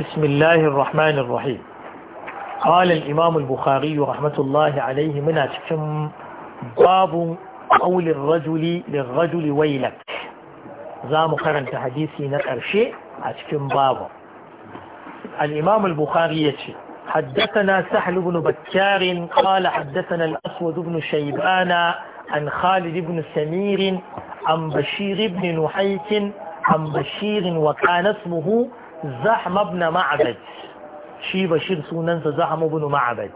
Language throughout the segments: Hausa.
بسم الله الرحمن الرحيم قال الإمام البخاري رحمة الله عليه من أتكم باب قول الرجل للرجل ويلك زام قرن تحديثي نقر شيء أتكم باب الإمام البخاري يتشي حدثنا سحل بن بكار قال حدثنا الأسود بن شيبان عن خالد بن سمير عن بشير بن نحيك عن بشير وكان اسمه زحمة ابن معبد شي بشير سوننسا زحم ابن معبد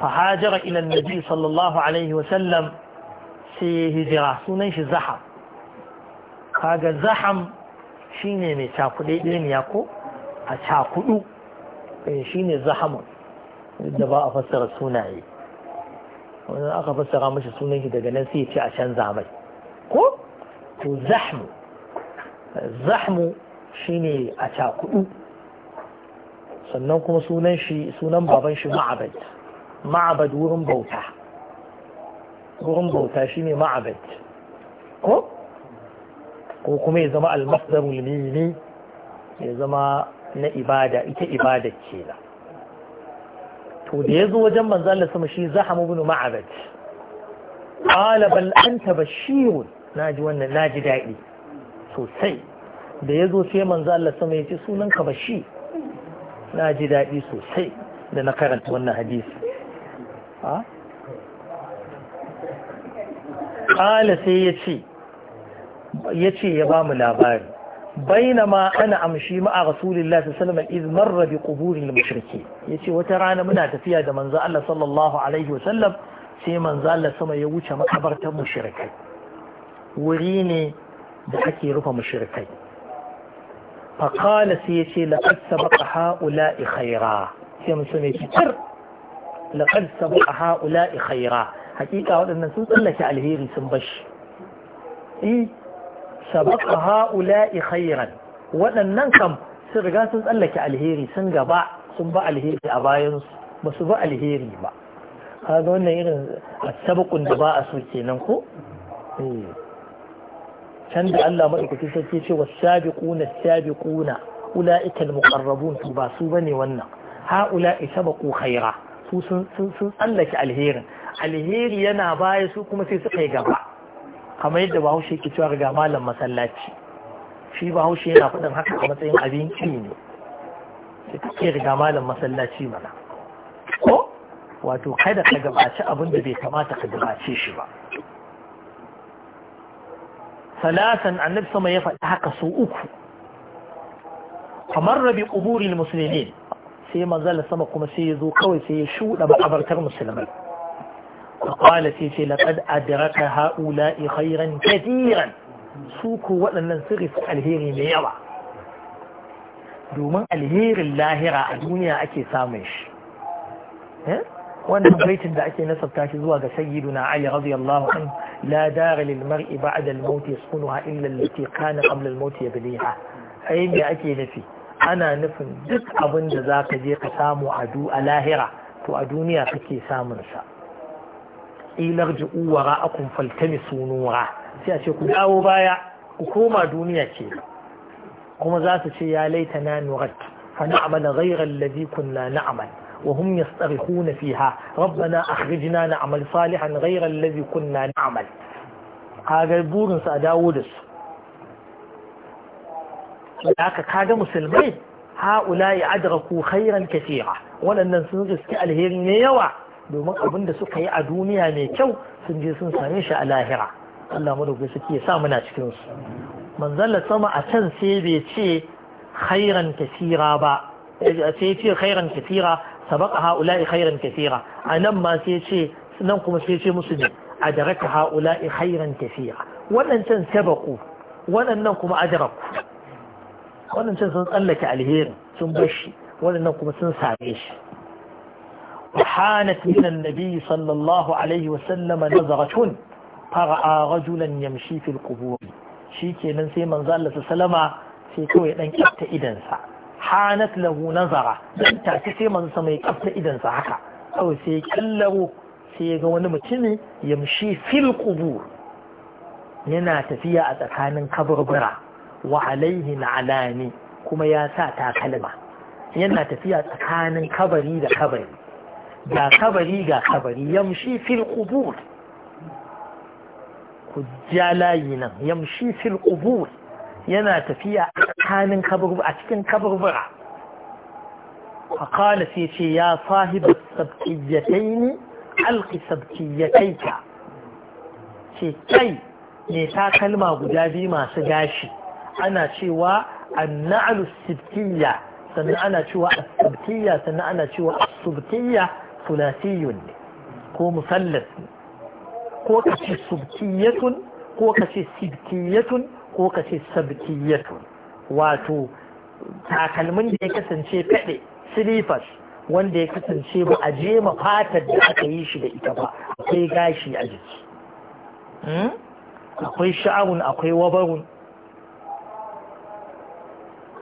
فهاجر إلى النبي صلى الله عليه وسلم سي هجرة سوننش زحم فهذا زحم شيني مي تاكولي لين ياكو هتاكولو إيه، شيني زحم الدباء فسر سوناي وانا اخا فسر مش سوننش دقنسي تي عشان زعمي كو زحم زحمه shine a cakudu sannan kuma sunan shi sunan baban shi ma'abad ma'abad wurin bauta wurin bauta shine ma'abad ko ko kuma ya zama almasdarul mini ya zama na ibada ita ibada kenan to da ya zo wajen manzo Allah sama shi zaham ibn ma'abad qala bal anta na ji wannan naji daɗi sosai da ya zo sai manzo Allah sama ya ce sunanka bashi na ji daɗi sosai da na karanta wannan hadisi ƙala sai ya ce ya ce ya ba mu labari bainama ana amshi ma'a rasulillah sallallahu alaihi wasallam marra bi mushriki yace wata rana muna tafiya da manzo Allah sallallahu alaihi wasallam sai manzo Allah sama ya wuce makabartar mushrikai wuri ne da ake rufe mushrikai faƙala sai ya ce laƙar sabaka haula khaira sai mutum ya fitar laƙar sabaka haula khaira hakika waɗannan sun tsallake alheri sun bashi i sabaka ha'ula'i khairan waɗannan kam sun riga sun tsallake alheri sun gaba sun ba alheri a bayansu ba su ba alheri ba kaga wannan irin a sabakun da ba a so kenan ko can da Allah maɗaukaki sarki ce wa sabiquna sabiquna ulaika almuqarrabun to ba su bane wannan Ha sabaqu khaira su sun sun tsallake alherin alheri yana baya su kuma sai suka yi gaba kamar yadda bahaushe ke cewa ga malam masallaci shi bahaushe yana faɗin haka a matsayin abinci ne ke riga malam masallaci mana ko wato kada ka gabaci abin da bai kamata ka gabace shi ba ثلاثا عن النبي ما يفعل عليه وسلم فمر بقبور المسلمين سي ما زال السماء قم سي سي شو لما أبرك المسلمين فقال سي سي لقد أدرك هؤلاء خيرا كثيرا سوكوا ولن ننصرف الهير ميرا دوما الهير اللاهرة الدنيا أكي سامش وأنه بيت دعتي نصب كاتي ذوها سيدنا علي رضي الله عنه لا دار للمرء بعد الموت يسكنها إلا التي كان قبل الموت يبليها أين يأتي نفي أنا نفن دك أبن جزاك ديك سامو عدو ألاهرة تو أدونيا كتي سام نسا اي رجعوا وراءكم فالتمسوا نورا سيأتيكم أو بايا وكوما دونيا كي كوما ذات يا ليتنا نغت فنعمل غير الذي كنا نعمل وهم يصطرخون فيها ربنا أخرجنا نعمل صالحا غير الذي كنا نعمل هذا بورن سأداودس لذلك كاد مسلمين هؤلاء أدركوا خيرا كثيرا ولن alheri الهيرين yawa domin abin da suka yi a duniya mai kyau sun je sun same shi a lahira Allah madaukai suke sa muna cikin su manzalla sama a can sai bai ce khairan kasira ba sai ce khairan kasira sabaka ha'ula'i khairan kathira anan ma ce nan kuma sai ce musu ne adraka ha'ula'i khairan kathira wadancan sabaku wadannan kuma adraku wadancan sun tsallake alheri sun bar shi kuma sun same shi وحانت من النبي صلى الله عليه وسلم نظرة فرأى رجلا يمشي في القبور شيكي من سيمن زال سلمة سيكوي لن hanat lahu nazara dan take sai manzo sama ya kafta idan sa haka kawai sai ya sai ga wani mutumi yamshi fil qubur yana tafiya a tsakanin kaburbura wa alaihi alani kuma ya sa takalma yana tafiya tsakanin kabari da kabari ga kabari ga kabari yamshi fil qubur ku ja layi nan yamshi fil qubur yana tafiya a tsakanin kaburbura a cikin kaburbura faƙala sai ce ya sahibu sabkiyyatai ne alƙi sabkiyyatai ka ce kai ne ta kalma guda biyu masu gashi ana cewa na'alu sibkiyya sannan ana cewa asibtiyya sannan ana cewa asubtiyya sulasiyun ne ko musallas ne ko ka ce ko ka ce ko ka ce sabkiyatu wato takalmin da ya kasance kaɗe silifas wanda ya kasance ba a jema fatar da aka yi shi da ita ba akwai gashi a jiki hmm? akwai sha'awun akwai wabarun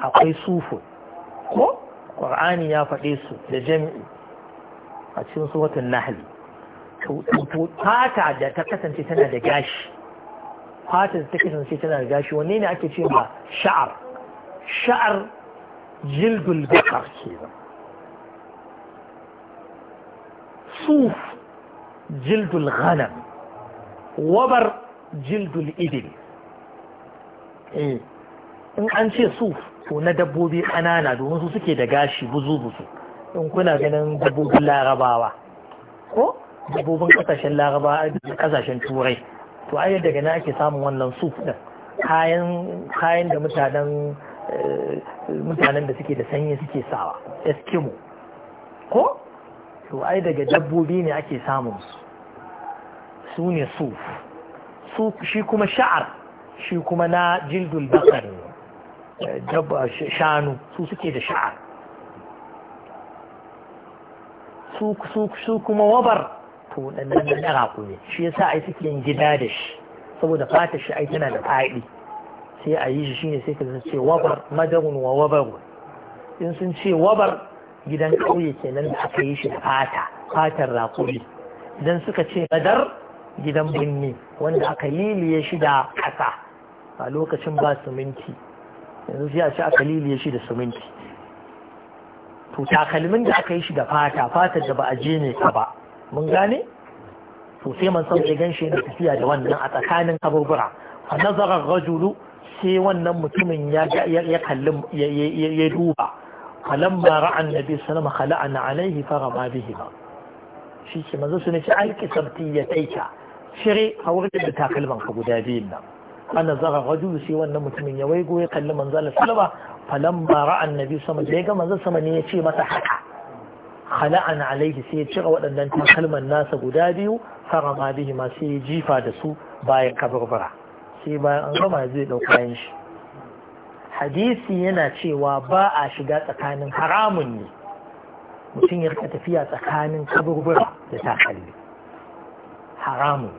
akwai sufu ko ƙwar'ani ya faɗe su da jami'i a cikin watan nahali fata da ta kasance tana da gashi fatar ta kasance tana da gashi wanne ne ake ce ba sha'ar sha'ar jildul bakar ke ba suf jildul ghanam wabar jildul idil. Eh, in an ce suf to na dabbobi ƙanana domin su suke da gashi buzu-buzu in kuna ganin dabbobin larabawa ko dabbobin ƙasashen larabawa da ƙasashen turai to ai daga na ake samun wannan suf din kayan da eh, mutanen da suke da sanyi suke sawa eskimo ko to ai daga dabbobi ne ake samun su su ne su, suf shi kuma sha'ar shi kuma na jildul bakar eh, shanu su suke da sha'ar su kuma wabar haka waɗannan na ɗara ne shi yasa ai suke yin gida da shi saboda fatar shi ai tana da faɗi sai a yi shi shine sai ka ce wabar madarun wa wabarun in sun ce wabar gidan ƙauye kenan da aka yi shi da fata fatar raƙumi idan suka ce madar gidan birni wanda aka liliye shi da ƙasa a lokacin ba siminti yanzu sai a ce aka liliye shi da siminti to takalmin da aka yi shi da fata fatar da ba a je ne ka ba mun gane to sai man san gan shi da tafiya da wannan a tsakanin kaburbura A nazarar rajulu sai wannan mutumin ya ya kalli ya duba falamma sana annabi sallama khala'ana alaihi farama bihi ba shi ce manzo su ne ci alki sabti ya taita shire a wurin da takalman ka guda biyun nan A nazarar rajulu sai wannan mutumin ya waigo ya kalli manzo Allah sallama ra'an ra'a annabi sama da ya ga manzo sama ne ya ce masa haka khala'an alaihi sai ya cire waɗannan takalman nasa guda biyu farama bihi ma sai ya jifa da su bayan kabarbara sai bayan an gama zai ɗauka yin shi hadisi yana cewa ba a shiga tsakanin haramun ne mutum ya tafiya tsakanin kaburbura da takalmi haramun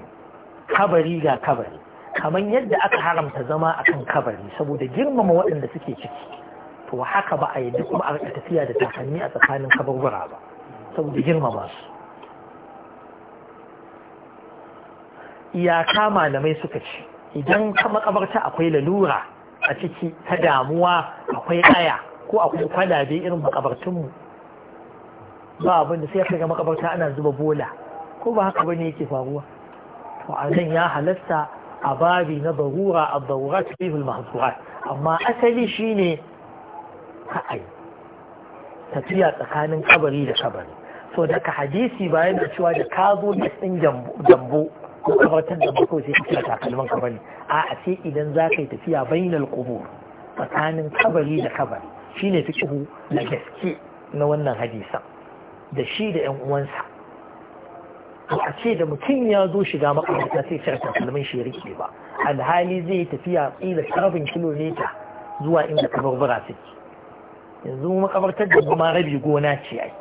kabari ga kabari kamar yadda aka haramta zama akan kabari saboda girmama waɗanda suke ciki to haka ba a yi duk kuma a tafiya da takalmi a tsakanin kaburbura ba saboda girmama su iyaka malamai suka ce idan makabarta akwai lalura a ciki ta damuwa akwai aya ko akwai kwalabe irin makabartunmu ba abinda sai aka ga makabarta ana zuba bola ko ba haka bane yake faruwa to a nan ya halasta a babi na barura a barura ta fihul amma asali shine ka'ai tafiya tsakanin kabari da kabari so daga hadisi ba yana cewa da ka zo da ɗin jambo ko kabartar da bako sai kira takalman ka bane a a sai idan za ka yi tafiya bainal qubur tsakanin kabari da kabari shine fiqhu na gaske na wannan hadisan da shi da 'yan uwansa a ce da mutum ya zo shiga makamarta sai cire takalmin shi rike ba alhali zai tafiya kila rabin kilomita zuwa inda kabarbara suke yanzu makabartar da kuma rabi gona ce ai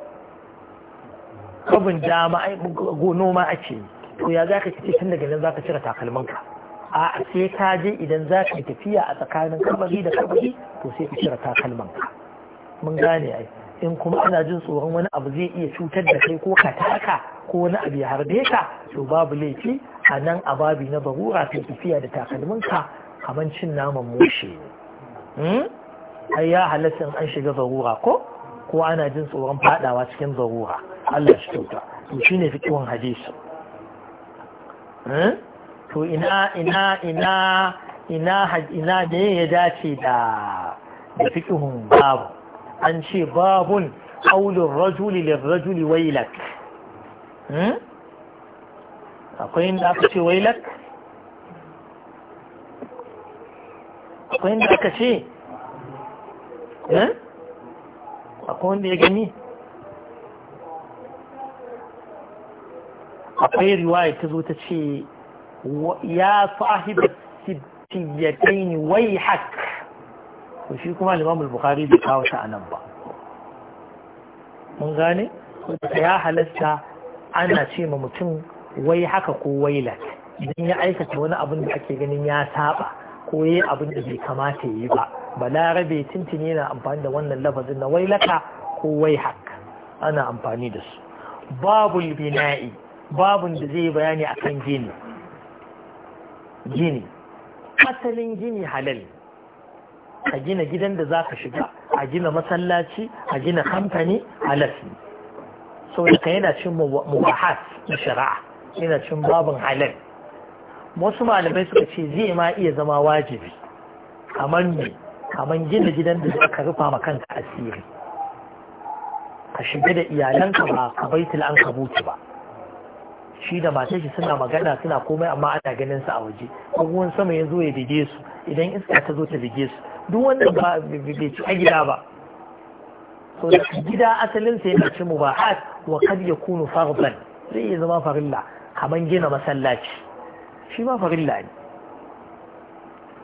kabin dama noma ake to ya za ka tun daga nan zaka cire takalminka a sai ka je idan za ka tafiya a tsakanin kabari da kabari to sai ka cire takalminka mun gane ai in kuma ana jin tsoron wani abu zai iya cutar da kai ko ka taka ko wani abu ya harbe ka to babu laifi a nan a babi na barura sai tafiya da takalminka kamar cin naman mushe ne hmm? ai ya halatta an shiga barura ko ko ana jin tsoron fadawa cikin barura Allah shi kyauta to shine fiqhun hadisi eh? to ina ina ina ina ina da ya dace da da fiqhun babu an ce babun qaulur rajuli lirrajuli wailak hmm? akwai inda aka ce wailak akwai inda aka ce eh? akwai wanda ya gani akwai riwaya ta zo ta ce ya sahiba sittiyataini wai hak ko shi kuma Imam bukhari bai kawo ta anan ba mun gane ya halasta ana ce ma mutum wai haka ko wailat idan ya aikata wani abin da ake ganin ya saba ko yayi abin da bai kamata yi ba balarabe tintini yana amfani da wannan lafazin na wailaka ko wai hak ana amfani da su babul bina'i babun da zai bayani akan gini gini asalin gini halal a gina gidan da za ka shiga a gina masallaci a gina kamfani halal sau da yana cin mubahas na shari'a yana cin babun halal wasu malamai suka ce zai ma iya zama wajibi kamar ne kamar gina gidan da za rufa ma kanka asiri ka shiga da iyalanka ba ka baitul an kabuci ba shi da matar shi suna magana suna komai amma ana ganin su a waje ruwan sama ya zo ya bige su idan iska ta zo ta bige su duk wanda ba bai ci a gida ba so da gida asalin sai ya ci mubahat wa kad yakunu fardan zai iya zama farilla kaman gina masallaci shi ma farilla ne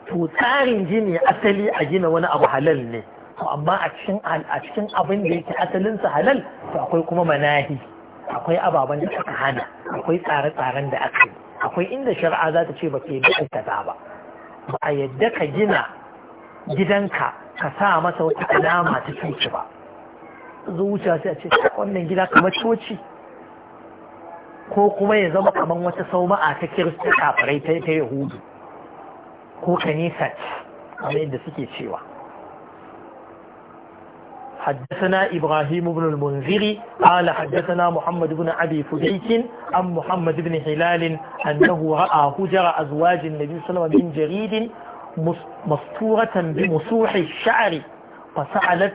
to tsarin gini asali a gina wani abu halal ne amma a cikin abin da yake asalin sa halal to akwai kuma manahi akwai ababen da aka hana akwai tsare-tsaren da aka yi akwai inda shari'a za ta ce ba ka yadda ba ba a yadda ka gina gidanka ka sa masa wata alama ta cuci ba zuciya sai a ce wannan gida kamar coci ko kuma ya zama kamar wata a ta kirista kafirai ta yahudu ko kanisa kamar yadda suke cewa حدثنا إبراهيم بن المنذر قال حدثنا محمد بن أبي فديك عن محمد بن هلال أنه رأى هجر أزواج النبي صلى الله عليه وسلم من جريد مسطورة بمسوح الشعر فسألت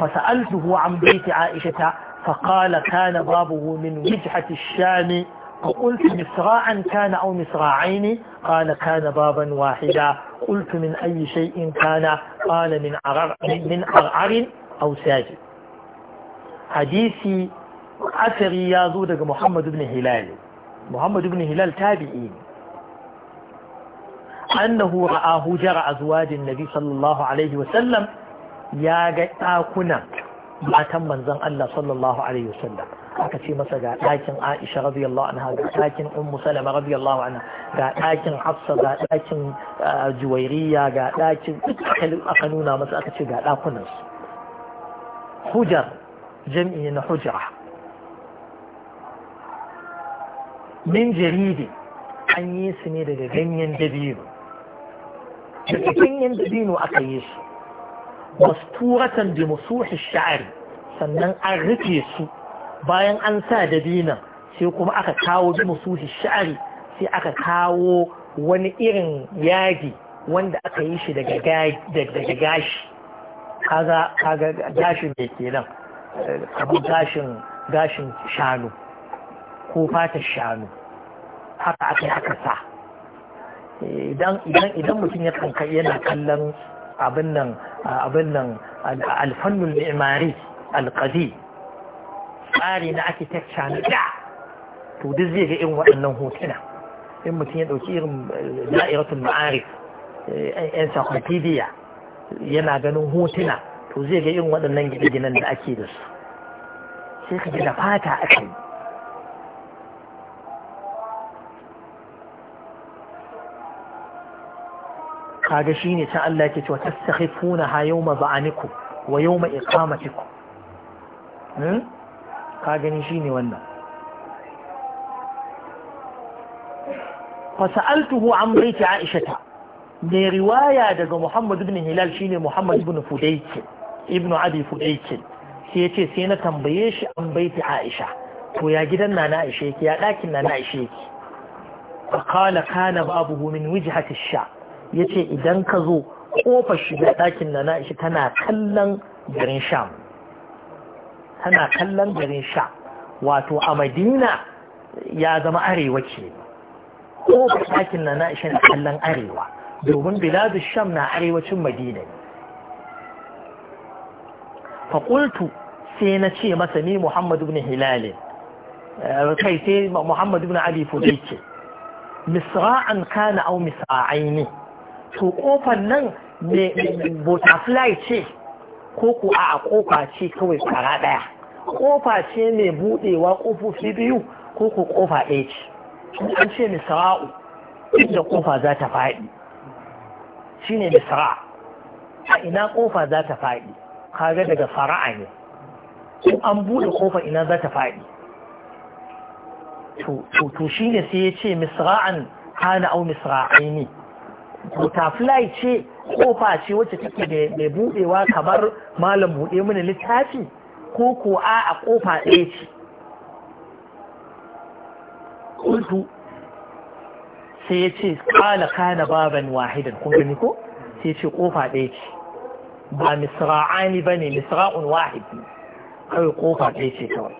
فسألته عن بيت عائشة فقال كان بابه من وجهة الشام فقلت مصراعا كان أو مصراعين قال كان بابا واحدا قلت من أي شيء كان قال من عرعر, من عرعر أو ساجد حديثي أثري يا زودك محمد بن هلال محمد بن هلال تابعين أنه رآه جرى أزواج النبي صلى الله عليه وسلم يا قاكنا ما تم من زن الله صلى الله عليه وسلم aka ce masa ga ɗakin Aisha radiyallahu anha ga ɗakin Ummu Salama radiyallahu anha ga ɗakin Hafsa ga ɗakin Juwairiya ga ɗakin duk aka nuna masa aka ce ga ɗakunan su hujar jami'i na hujra min jaridi an yi su ne daga ganyen dabino daga ganyen dabino aka yi su masturatan bi musuhi sha'ari sannan an rufe su bayan an sa dabinan sai kuma aka kawo bi musuhi sha'ari sai aka kawo wani irin yadi wanda aka yi shi daga gashi kaga gashin da ke nan abin gashin gashin shanu ko fatar shanu haka aka aka sa idan mutum ya kanka yana kallon abin nan abin nan alfannul mi'mari tsari na architecture na da to duk zai ga irin waɗannan hotuna in mutum ya ɗauki irin eh, da'iratul ma'arif eh, encyclopedia yana ganin hotuna to zai ga irin waɗannan gine-ginen da ake da su sai ka gina fata aka yi kaga ne ta Allah yake cewa tastakhifuna ha ma ba'aniku wa yawma iqamatikum hmm? ka gani shine wannan fasa'altuhu an baiti aishata mai riwaya daga muhammad ibn hilal shine muhammad ibn fudaikin ibn abi fudaikin sai ya ce sai na tambaye shi an baiti aisha to ya gidan na na aisha yake ya ɗakin na na aisha yake fakala kana babu min wijhati sha yace idan ka zo kofar shiga ɗakin na na aisha tana kallon garin sham tana kallon garin sha wato a madina ya zama arewa ce ko ɗakin na na ishe na kallon arewa domin biladu sham na arewacin madina fakultu sai na ce masa ni muhammadu bin hilalin eh, kai sai muhammadu bin ali fudai ce misra'an kana au misra'aini to ƙofar nan butterfly ce ko ku a kofa ce kawai kara ɗaya kofa ce mai buɗewa ƙofofi biyu ko ku kofa ɗaya ce an ce mai sara'u inda kofa za ta faɗi shine sara'a a ina kofa za ta faɗi kaga daga fara'a ne in an buɗe kofa ina za ta faɗi to shine sai ya ce misra'an hana au misra'aini butterfly ce kofa ce wacce take da mai buɗewa kamar malam buɗe mana littafi ko ko a a kofa ɗaya ce kultu sai ya ce kala kana baban wahidan kun gani ko sai ya ce kofa ɗaya ce ba misra'ani ba ne misra'un wahid kawai kofa ɗaya ce kawai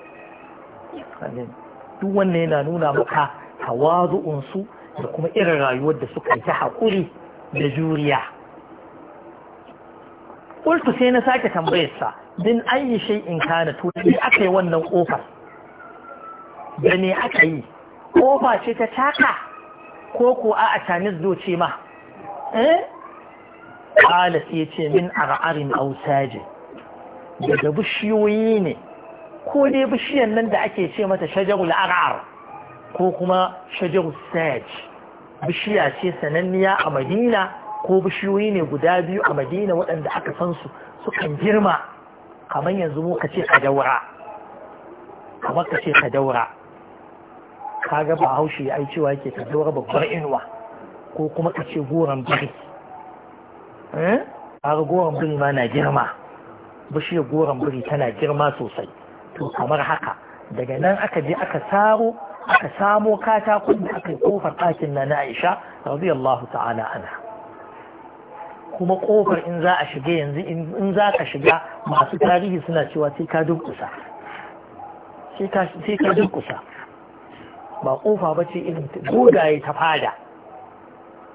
duk wannan yana nuna maka tawazu'unsu da kuma irin rayuwar da suka yi ta haƙuri da juriya kultu sai na sake tambayar sa din ayi shay'in kana to ne aka wannan kofar da ne aka yi kofa ce ta taka ko ko a a doce ma eh ala sai ce min ar'arin aw sajid daga bishiyoyi ne ko dai bishiyan nan da ake ce mata shajarul ar'ar ko kuma shajarul saj bishiya ce sananniya a madina ko bishiyoyi ne guda biyu a madina waɗanda aka san su sukan girma kamar yanzu mu ka ce ka daura kamar ka ce ka daura kaga ba haushe ya ai cewa yake ka daura babbar inuwa ko kuma ka ce goron biri eh? kaga goron biri ma na girma bishiyar goron biri tana girma sosai to kamar haka daga nan aka je aka saro aka samo katakon da aka yi kofar ɗakin na na aisha radiyallahu ta'ala anha kuma kofar in za a shiga yanzu in za ka shiga masu tarihi suna cewa sai ka dukusa sai ka dukusa ba kofa ba ce irin godaye ta fada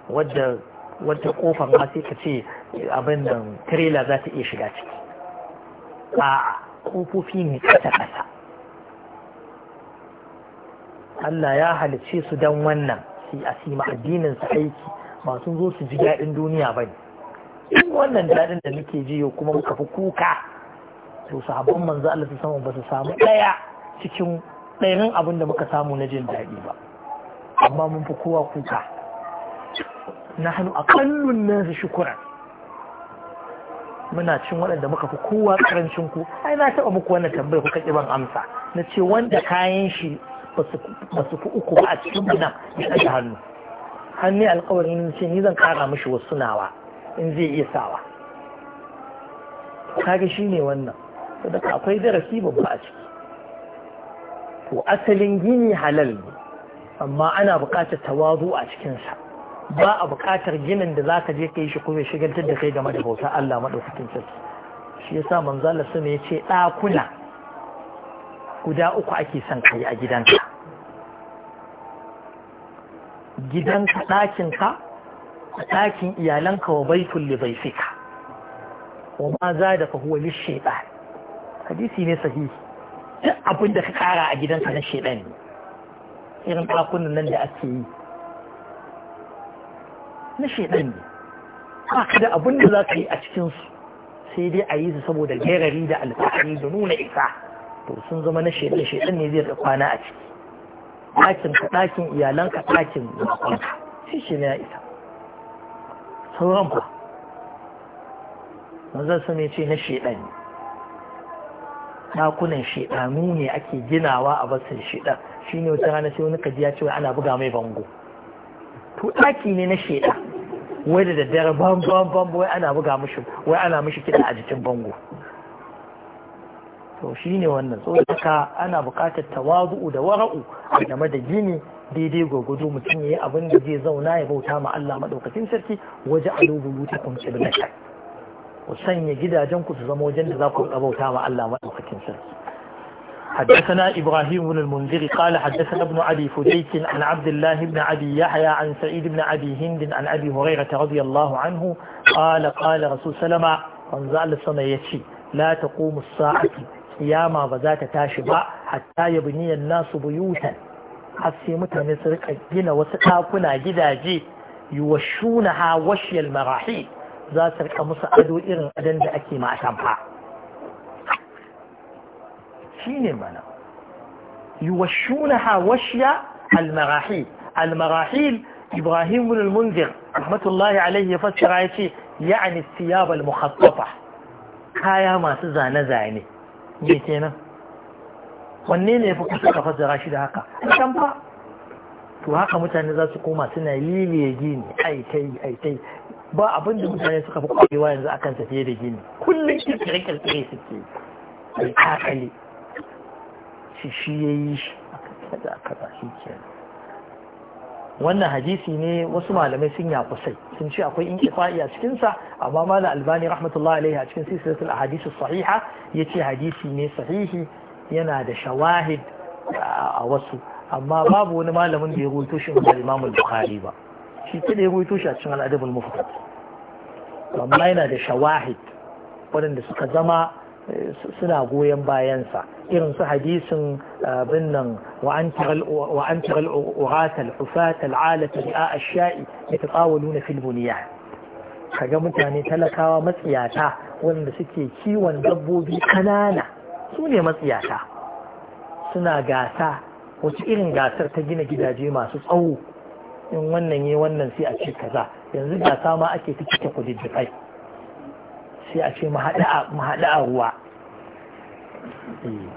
wadda kofar ma sai ka ce abin da trailer za ta iya shiga ciki a'a kofofi ne kasa kasa Allah ya halice su don wannan su a addinin su aiki ba sun zo su ji daɗin duniya ba ne in wannan dadin da nake ji kuma muka fi kuka to sahabban manzo Allah su samu ba su samu daya cikin ɗayan abin da muka samu na jin daɗi ba amma mun fi kowa kuka nahnu aqallun nas shukran muna cin waɗanda muka fi kowa karancin ku ai na taɓa muku wannan tambayar kuka ƙi ban amsa na ce wanda kayan shi ba su fi uku ba a cikin nan ya ɗaga hannu hannu alƙawarin ce ni zan ƙara mishi wasu nawa in zai iya sawa kaga shi ne wannan da akwai darasi babba a ciki to asalin gini halal ne amma ana buƙatar tawazu a cikinsa ba a buƙatar ginin da za ka je ka yi shi kuma shigantar da kai game da bauta Allah maɗaukakin sarki shi yasa manzala su ne ce ɗakuna guda uku ake son ka yi a gidanka gidanka ɗakinka a ɗakin iyalanka wa baitun li baifika wa ma za da fa huwa lishaitan hadisi ne sahihi duk abin da ka kara a gidanka na shaitan ne irin ɗakunan nan da ake yi na shaitan ne ba ka da abin da za ka yi a cikinsu sai dai a yi su saboda gerari da alfahari da nuna isa to sun zama na shaitan shaitan ne zai kwana a ciki ɗakin ka ɗakin iyalanka ɗakin makonka shi shi ne ya isa sauran fa manzon sa ne ce na shiɗan dakunan shiɗanu ne ake ginawa a basin shi shine wata rana sai wani kaji ya ce ana buga mai bango to daki ne na sheda wai da daddare bam bam bam wai ana buga mishi wai ana mishi kida a jikin bango to shine wannan so ana buƙatar tawazu'u da wara'u game da gini daidai gwagwado mutum ya yi abin da zai zauna ya bauta ma Allah maɗaukacin sarki waje a lubulu ta kunci da ku sanya gidajen ku su zama wajen da za ku bauta ma Allah maɗaukacin sarki حدثنا إبراهيم بن المنذر قال حدثنا ابن أبي فديك عن عبد الله بن أبي يحيى عن سعيد بن أبي هند عن أبي هريرة رضي الله عنه قال قال رسول سلم أنزل السنة يتشي لا تقوم الساعة قيامة بذات تاشبع حتى يبني الناس بيوتا har sai mutane su rika gina wasu ɗakuna gidaje yuwashuna ha washiyal marahi za su rika musu ado irin adon da ake ma atamfa shi ne mana yuwashuna ha washiya almarahi almarahil ibrahim bin munzir rahmatullahi alaihi ya fassara ya ce ya'ani siyab al kaya masu zane-zane me kenan wanne ne fi kusa ka fasara shi da haka kan fa to haka mutane za su koma suna liliye gini ai kai ai kai ba abin da mutane suka fi kwarewa yanzu akan tafiye da gini kullum kirkire kirkire suke ai kakali shi shi shi ke wannan hadisi ne wasu malamai sun ya kusai sun ce akwai in kifa'i a cikinsa amma mala albani rahmatullahi alaihi a cikin silsilatul ahadisu sahiha yace hadisi ne sahihi yana da shawahid a wasu amma babu wani malamin da ya rubuto shi ga Imam Bukhari ba shi ta da ya rubuto shi a cikin al'adab al-mufrad amma yana da shawahid waɗanda suka zama eh, suna goyon bayansa irin su hadisin eh, bin nan wa an tiral urata al-hufata al-alata ri'a ash-sha'i fil kaga mutane talakawa matsiyata wanda suke kiwon dabbobi kanana su ne matsiyata suna gasa wace irin gasar ta gina gidaje masu tsawo in wannan yi wannan sai a ce kaza yanzu gasa ma ake ta cike kudiddikai sai a ce mahaɗa a ruwa eh.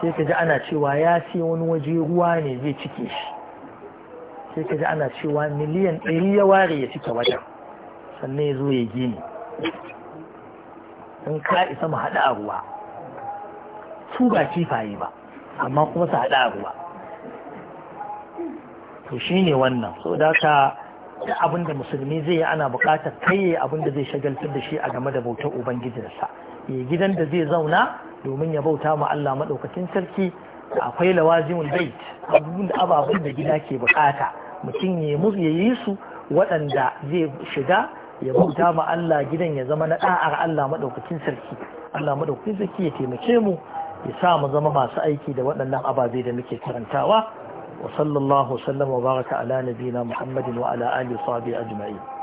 sai ka ji ana cewa ya sai wani waje ruwa ne zai cike shi sai ka ji ana cewa miliyan ɗari ya ware ya cike wajen sannan ya zo ya gini in ka isa mahaɗa a ruwa su ba kifaye ba amma kuma su haɗa ruwa to shi ne wannan so da ka abin da musulmi zai yi ana buƙatar kai abin da zai shagaltar da shi a game da bautar ubangijinsa ya gidan da zai zauna domin ya bauta ma Allah maɗaukacin sarki akwai lawazimul bait abin da da gida ke buƙata mutum ya yi su waɗanda zai shiga ya bauta ma Allah gidan ya zama na ɗa'ar Allah maɗaukacin sarki Allah maɗaukacin sarki ya taimake mu ya sa mu zama masu aiki da waɗannan ababe da muke karantawa wa sallallahu sallam wa baraka ala nabina muhammadin wa ala alihi sahbi sahbihi ajma'in